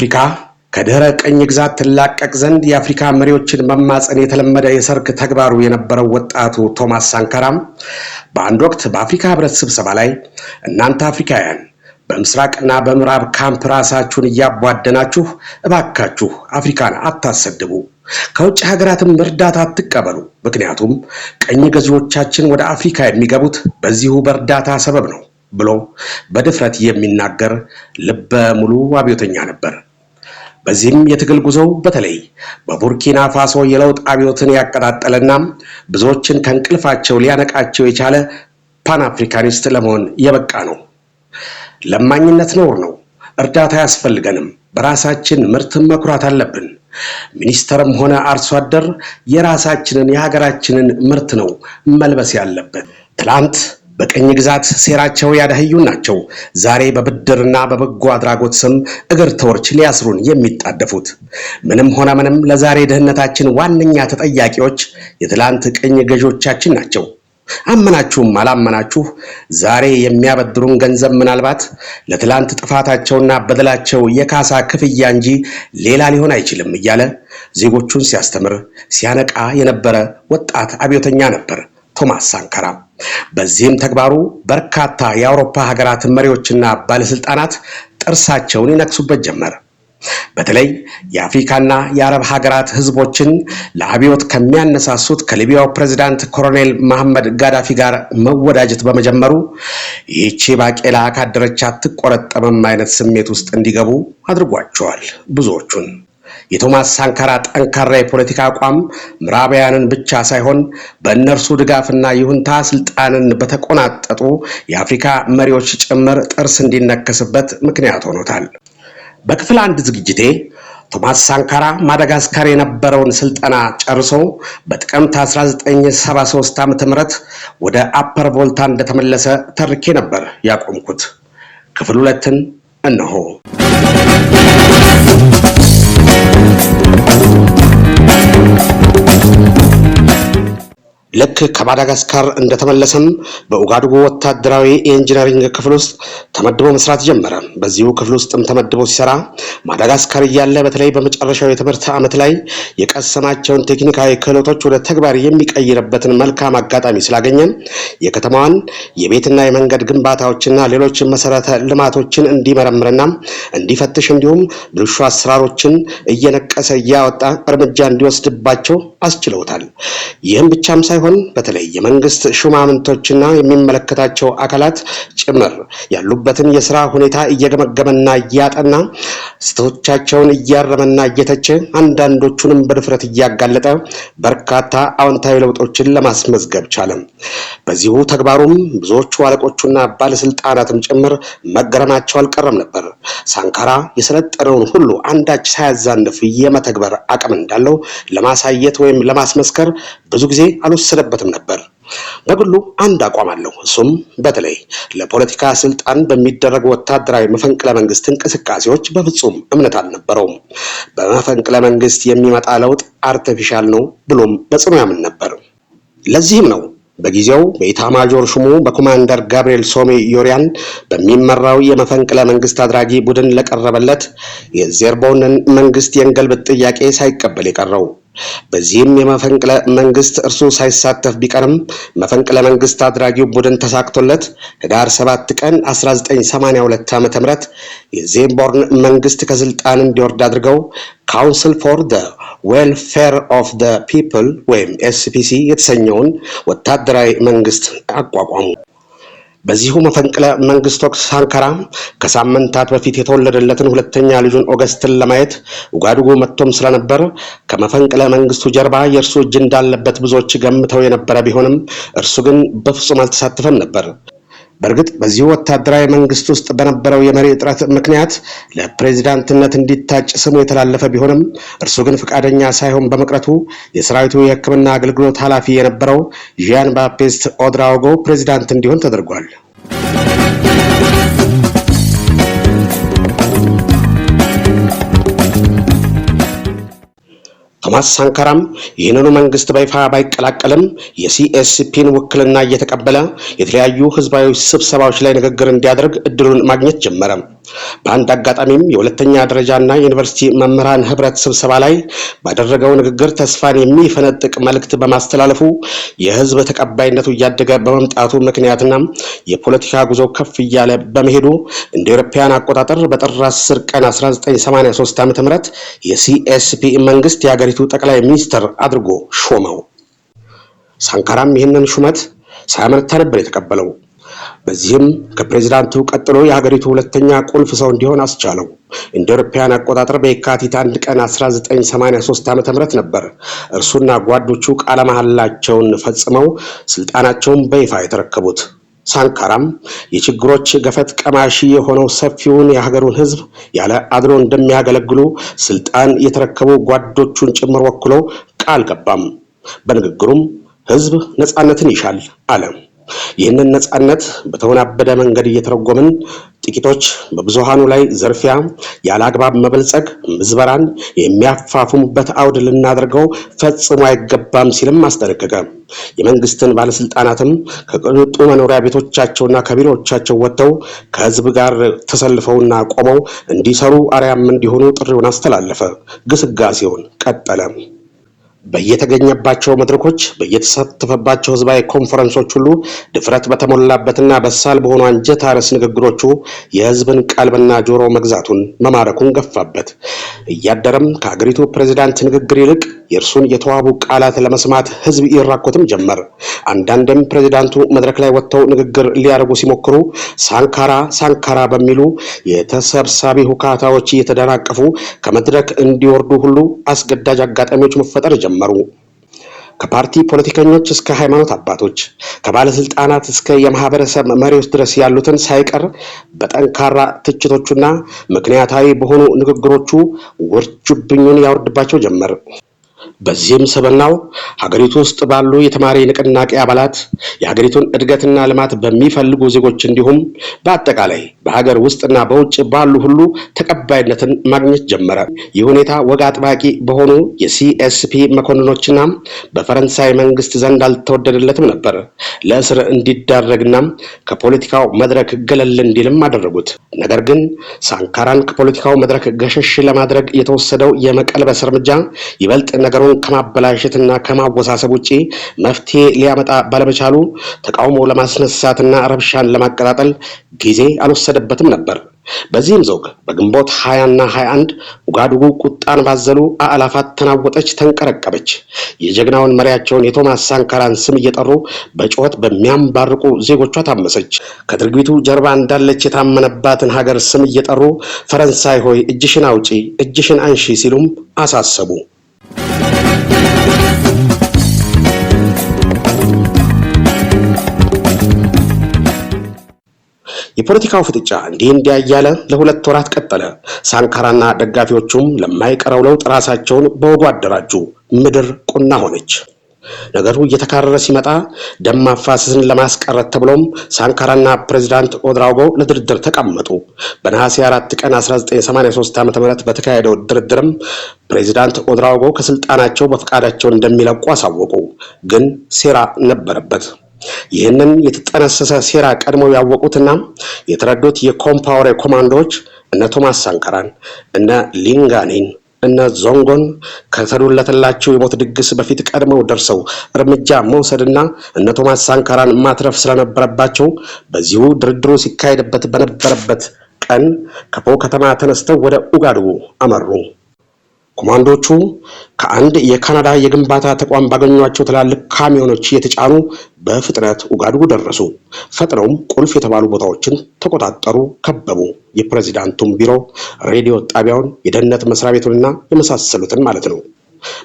አፍሪካ ከድህረ ቅኝ ግዛት ትላቀቅ ዘንድ የአፍሪካ መሪዎችን መማፀን የተለመደ የሰርክ ተግባሩ የነበረው ወጣቱ ቶማስ ሳንካራም በአንድ ወቅት በአፍሪካ ህብረት ስብሰባ ላይ እናንተ አፍሪካውያን በምስራቅና በምዕራብ ካምፕ ራሳችሁን እያቧደናችሁ እባካችሁ አፍሪካን አታሰድቡ፣ ከውጭ ሀገራትም እርዳታ አትቀበሉ፣ ምክንያቱም ቅኝ ገዢዎቻችን ወደ አፍሪካ የሚገቡት በዚሁ በእርዳታ ሰበብ ነው ብሎ በድፍረት የሚናገር ልበ ሙሉ አብዮተኛ ነበር። በዚህም የትግል ጉዞው በተለይ በቡርኪና ፋሶ የለውጥ አብዮትን ያቀጣጠለና ብዙዎችን ከእንቅልፋቸው ሊያነቃቸው የቻለ ፓን አፍሪካኒስት ለመሆን የበቃ ነው። ለማኝነት ነውር ነው። እርዳታ አያስፈልገንም። በራሳችን ምርትን መኩራት አለብን። ሚኒስተርም ሆነ አርሶ አደር የራሳችንን የሀገራችንን ምርት ነው መልበስ ያለበት። ትላንት በቅኝ ግዛት ሴራቸው ያደህዩ ናቸው። ዛሬ በብድርና በበጎ አድራጎት ስም እግር ተወርች ሊያስሩን የሚጣደፉት። ምንም ሆነ ምንም ለዛሬ ድህነታችን ዋነኛ ተጠያቂዎች የትላንት ቅኝ ገዢዎቻችን ናቸው። አመናችሁም አላመናችሁ ዛሬ የሚያበድሩን ገንዘብ ምናልባት ለትላንት ጥፋታቸውና በደላቸው የካሳ ክፍያ እንጂ ሌላ ሊሆን አይችልም እያለ ዜጎቹን ሲያስተምር ሲያነቃ የነበረ ወጣት አብዮተኛ ነበር። ቶማስ ሳንካራ። በዚህም ተግባሩ በርካታ የአውሮፓ ሀገራት መሪዎችና ባለስልጣናት ጥርሳቸውን ይነክሱበት ጀመር። በተለይ የአፍሪካና የአረብ ሀገራት ህዝቦችን ለአብዮት ከሚያነሳሱት ከሊቢያው ፕሬዝዳንት ኮሎኔል መሐመድ ጋዳፊ ጋር መወዳጀት በመጀመሩ ይህቺ ባቄላ ካደረች አትቆረጠምም አይነት ስሜት ውስጥ እንዲገቡ አድርጓቸዋል ብዙዎቹን። የቶማስ ሳንካራ ጠንካራ የፖለቲካ አቋም ምዕራባውያንን ብቻ ሳይሆን በእነርሱ ድጋፍና ይሁንታ ስልጣንን በተቆናጠጡ የአፍሪካ መሪዎች ጭምር ጥርስ እንዲነከስበት ምክንያት ሆኖታል። በክፍል አንድ ዝግጅቴ ቶማስ ሳንካራ ማዳጋስካር የነበረውን ስልጠና ጨርሶ በጥቅምት 1973 ዓ.ም ወደ አፐር ቮልታ እንደተመለሰ ተርኬ ነበር ያቆምኩት። ክፍል ሁለትን እነሆ። ልክ ከማዳጋስካር እንደተመለሰም በኡጋድጎ ወታደራዊ የኢንጂነሪንግ ክፍል ውስጥ ተመድቦ መስራት ጀመረ። በዚሁ ክፍል ውስጥም ተመድቦ ሲሰራ ማዳጋስካር እያለ በተለይ በመጨረሻው የትምህርት ዓመት ላይ የቀሰማቸውን ቴክኒካዊ ክህሎቶች ወደ ተግባር የሚቀይርበትን መልካም አጋጣሚ ስላገኘ የከተማዋን የቤትና የመንገድ ግንባታዎችና ሌሎች መሰረተ ልማቶችን እንዲመረምርና እንዲፈትሽ እንዲሁም ብልሹ አሰራሮችን እየነቀሰ እያወጣ እርምጃ እንዲወስድባቸው አስችለውታል። ይህም ብቻም ሳይሆን በተለይ የመንግስት ሹማምንቶችና የሚመለከታቸው ያላቸው አካላት ጭምር ያሉበትን የስራ ሁኔታ እየገመገመና እያጠና ስህተቶቻቸውን እያረመና እየተቸ አንዳንዶቹንም በድፍረት እያጋለጠ በርካታ አዎንታዊ ለውጦችን ለማስመዝገብ ቻለ። በዚሁ ተግባሩም ብዙዎቹ አለቆቹና ባለስልጣናትም ጭምር መገረማቸው አልቀረም ነበር። ሳንካራ የሰለጠነውን ሁሉ አንዳች ሳያዛንፍ የመተግበር አቅም እንዳለው ለማሳየት ወይም ለማስመስከር ብዙ ጊዜ አልወሰደበትም ነበር። በግሉ አንድ አቋም አለው። እሱም በተለይ ለፖለቲካ ስልጣን በሚደረጉ ወታደራዊ መፈንቅለ መንግስት እንቅስቃሴዎች በፍጹም እምነት አልነበረውም። በመፈንቅለ መንግስት የሚመጣ ለውጥ አርቲፊሻል ነው ብሎም በጽኑ ያምን ነበር። ለዚህም ነው በጊዜው በኢታማጆር ሹሙ በኮማንደር ጋብርኤል ሶሜ ዮሪያን በሚመራው የመፈንቅለ መንግስት አድራጊ ቡድን ለቀረበለት የዜርቦንን መንግስት የእንገልብጥ ጥያቄ ሳይቀበል የቀረው። በዚህም የመፈንቅለ መንግስት እርሱ ሳይሳተፍ ቢቀርም መፈንቅለ መንግስት አድራጊው ቡድን ተሳክቶለት ህዳር 7 ቀን 1982 ዓ.ም የዜምቦርን መንግስት ከስልጣን እንዲወርድ አድርገው ካውንስል ፎር ዘ ዌልፌር ኦፍ ዘ ፒፕል ወይም ኤስፒሲ የተሰኘውን ወታደራዊ መንግስት አቋቋሙ። በዚሁ መፈንቅለ መንግስት ወቅት ሳንካራ ከሳምንታት በፊት የተወለደለትን ሁለተኛ ልጁን ኦገስትን ለማየት ኡጋዱጉ መጥቶም ስለነበር ከመፈንቅለ መንግስቱ ጀርባ የእርሱ እጅ እንዳለበት ብዙዎች ገምተው የነበረ ቢሆንም እርሱ ግን በፍጹም አልተሳተፈም ነበር። በእርግጥ በዚሁ ወታደራዊ መንግስት ውስጥ በነበረው የመሪ እጥረት ምክንያት ለፕሬዚዳንትነት እንዲታጭ ስሙ የተላለፈ ቢሆንም እርሱ ግን ፈቃደኛ ሳይሆን በመቅረቱ የሰራዊቱ የሕክምና አገልግሎት ኃላፊ የነበረው ዣን ባፕቲስት ኦድራኦጎ ፕሬዚዳንት እንዲሆን ተደርጓል። ቶማስ ሳንካራም ይህንኑ መንግስት በይፋ ባይቀላቀልም የሲኤስፒን ውክልና እየተቀበለ የተለያዩ ህዝባዊ ስብሰባዎች ላይ ንግግር እንዲያደርግ እድሉን ማግኘት ጀመረ። በአንድ አጋጣሚም የሁለተኛ ደረጃና የዩኒቨርሲቲ መምህራን ህብረት ስብሰባ ላይ ባደረገው ንግግር ተስፋን የሚፈነጥቅ መልእክት በማስተላለፉ የህዝብ ተቀባይነቱ እያደገ በመምጣቱ ምክንያትና የፖለቲካ ጉዞ ከፍ እያለ በመሄዱ እንደ ኤሮፓያን አቆጣጠር በጥር 10 ቀን 1983 ዓ.ም የሲኤስፒ መንግስት የሀገሪቱ ጠቅላይ ሚኒስትር አድርጎ ሾመው። ሳንካራም ይህንን ሹመት ሳያመነታ ነበር የተቀበለው። በዚህም ከፕሬዚዳንቱ ቀጥሎ የሀገሪቱ ሁለተኛ ቁልፍ ሰው እንዲሆን አስቻለው። እንደ አውሮፓውያን አቆጣጠር በየካቲት አንድ ቀን 1983 ዓ.ም ነበር እርሱና ጓዶቹ ቃለ መሐላቸውን ፈጽመው ስልጣናቸውን በይፋ የተረከቡት። ሳንካራም የችግሮች ገፈት ቀማሺ የሆነው ሰፊውን የሀገሩን ሕዝብ ያለ አድሎ እንደሚያገለግሉ ስልጣን የተረከቡ ጓዶቹን ጭምር ወክሎ ቃል ገባም። በንግግሩም ሕዝብ ነፃነትን ይሻል አለ። ይህንን ነጻነት በተወናበደ መንገድ እየተረጎምን ጥቂቶች በብዙሃኑ ላይ ዘርፊያ፣ ያለ አግባብ መበልጸግ፣ ምዝበራን የሚያፋፉበት አውድ ልናደርገው ፈጽሞ አይገባም ሲልም አስጠነቀቀ። የመንግስትን ባለስልጣናትም ከቅንጡ መኖሪያ ቤቶቻቸውና ከቢሮዎቻቸው ወጥተው ከህዝብ ጋር ተሰልፈውና ቆመው እንዲሰሩ አርያም እንዲሆኑ ጥሪውን አስተላለፈ። ግስጋሴውን ቀጠለ። በየተገኘባቸው መድረኮች በየተሳተፈባቸው ህዝባዊ ኮንፈረንሶች ሁሉ ድፍረት በተሞላበትና በሳል በሆኑ አንጀት አረስ ንግግሮቹ የህዝብን ቀልብና ጆሮ መግዛቱን መማረኩን ገፋበት። እያደረም ከአገሪቱ ፕሬዚዳንት ንግግር ይልቅ የእርሱን የተዋቡ ቃላት ለመስማት ህዝብ ይራኮትም ጀመር። አንዳንድም ፕሬዚዳንቱ መድረክ ላይ ወጥተው ንግግር ሊያደርጉ ሲሞክሩ ሳንካራ ሳንካራ በሚሉ የተሰብሳቢ ሁካታዎች እየተደናቀፉ ከመድረክ እንዲወርዱ ሁሉ አስገዳጅ አጋጣሚዎች መፈጠር ጀመር። ጀመሩ። ከፓርቲ ፖለቲከኞች እስከ ሃይማኖት አባቶች፣ ከባለስልጣናት እስከ የማህበረሰብ መሪዎች ድረስ ያሉትን ሳይቀር በጠንካራ ትችቶቹና ምክንያታዊ በሆኑ ንግግሮቹ ውርጅብኙን ያወርድባቸው ጀመር። በዚህም ስብናው ሀገሪቱ ውስጥ ባሉ የተማሪ ንቅናቄ አባላት የሀገሪቱን እድገትና ልማት በሚፈልጉ ዜጎች እንዲሁም በአጠቃላይ በሀገር ውስጥና በውጭ ባሉ ሁሉ ተቀባይነትን ማግኘት ጀመረ። ይህ ሁኔታ ወግ አጥባቂ በሆኑ የሲኤስፒ መኮንኖችና በፈረንሳይ መንግስት ዘንድ አልተወደደለትም ነበር። ለእስር እንዲዳረግና ከፖለቲካው መድረክ ገለል እንዲልም አደረጉት። ነገር ግን ሳንካራን ከፖለቲካው መድረክ ገሸሽ ለማድረግ የተወሰደው የመቀልበስ እርምጃ ይበልጥ ነገሩን ከማበላሸትና ከማወሳሰብ ውጭ መፍትሄ ሊያመጣ ባለመቻሉ ተቃውሞ ለማስነሳትና ረብሻን ለማቀጣጠል ጊዜ አልወሰደበትም ነበር። በዚህም ዘውግ በግንቦት 20ና 21 ውጋዱጉ ቁጣን ባዘሉ አዕላፋት ተናወጠች፣ ተንቀረቀበች። የጀግናውን መሪያቸውን የቶማስ ሳንካራን ስም እየጠሩ በጩኸት በሚያንባርቁ ዜጎቿ ታመሰች። ከድርጊቱ ጀርባ እንዳለች የታመነባትን ሀገር ስም እየጠሩ ፈረንሳይ ሆይ እጅሽን አውጪ፣ እጅሽን አንሺ ሲሉም አሳሰቡ። የፖለቲካው ፍጥጫ እንዲህ እንዲያ እያለ ለሁለት ወራት ቀጠለ። ሳንካራና ደጋፊዎቹም ለማይቀረው ለውጥ ራሳቸውን በወጉ አደራጁ። ምድር ቁና ሆነች። ነገሩ እየተካረረ ሲመጣ ደም ማፋሰስን ለማስቀረት ተብሎም ሳንካራና ፕሬዚዳንት ኦድራጎ ለድርድር ተቀመጡ። በነሐሴ 4 ቀን 1983 ዓ.ም በተካሄደው ድርድርም ፕሬዚዳንት ኦድራጎ ከስልጣናቸው በፈቃዳቸው እንደሚለቁ አሳወቁ። ግን ሴራ ነበረበት። ይህንን የተጠነሰሰ ሴራ ቀድሞው ያወቁትና የተረዱት የኮምፓወሬ ኮማንዶዎች እነ ቶማስ ሳንካራን እነ ሊንጋኔን እነ ዞንጎን ከተዶለተላቸው የሞት ድግስ በፊት ቀድመው ደርሰው እርምጃ መውሰድና እነ ቶማስ ሳንካራን ማትረፍ ስለነበረባቸው በዚሁ ድርድሩ ሲካሄድበት በነበረበት ቀን ከፖ ከተማ ተነስተው ወደ ኡጋዱጉ አመሩ። ኮማንዶቹ ከአንድ የካናዳ የግንባታ ተቋም ባገኟቸው ትላልቅ ካሚዮኖች እየተጫኑ በፍጥነት ኡጋድጉ ደረሱ። ፈጥነውም ቁልፍ የተባሉ ቦታዎችን ተቆጣጠሩ፣ ከበቡ። የፕሬዚዳንቱን ቢሮ፣ ሬዲዮ ጣቢያውን፣ የደህንነት መስሪያ ቤቱንና የመሳሰሉትን ማለት ነው።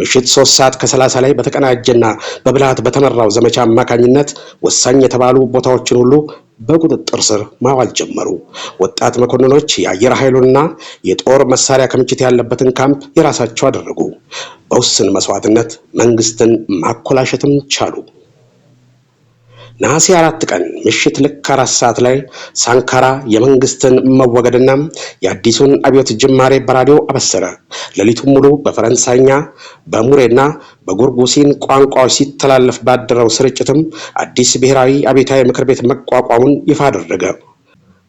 ምሽት ሶስት ሰዓት ከሰላሳ ላይ በተቀናጀና በብልሃት በተመራው ዘመቻ አማካኝነት ወሳኝ የተባሉ ቦታዎችን ሁሉ በቁጥጥር ስር ማዋል ጀመሩ። ወጣት መኮንኖች የአየር ኃይሉንና የጦር መሳሪያ ክምችት ያለበትን ካምፕ የራሳቸው አደረጉ። በውስን መስዋዕትነት መንግስትን ማኮላሸትም ቻሉ። ነሐሴ አራት ቀን ምሽት ልክ አራት ሰዓት ላይ ሳንካራ የመንግስትን መወገድና የአዲሱን አብዮት ጅማሬ በራዲዮ አበሰረ። ሌሊቱን ሙሉ በፈረንሳይኛ በሙሬና በጉርጉሲን ቋንቋዎች ሲተላለፍ ባደረው ስርጭትም አዲስ ብሔራዊ አብዮታዊ ምክር ቤት መቋቋሙን ይፋ አደረገ።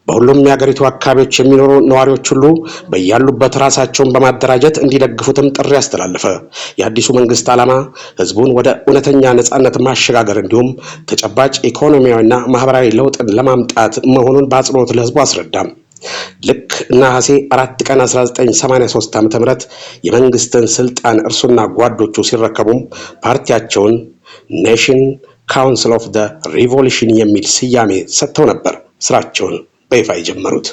በሁሉም የሀገሪቱ አካባቢዎች የሚኖሩ ነዋሪዎች ሁሉ በያሉበት ራሳቸውን በማደራጀት እንዲደግፉትም ጥሪ አስተላለፈ። የአዲሱ መንግስት ዓላማ ህዝቡን ወደ እውነተኛ ነጻነት ማሸጋገር እንዲሁም ተጨባጭ ኢኮኖሚያዊና ማህበራዊ ለውጥን ለማምጣት መሆኑን በአጽንኦት ለህዝቡ አስረዳም። ልክ ነሐሴ አራት ቀን 1983 ዓ ም የመንግስትን ስልጣን እርሱና ጓዶቹ ሲረከቡም ፓርቲያቸውን ኔሽን ካውንስል ኦፍ ደ ሪቮሉሽን የሚል ስያሜ ሰጥተው ነበር ስራቸውን በይፋ የጀመሩት።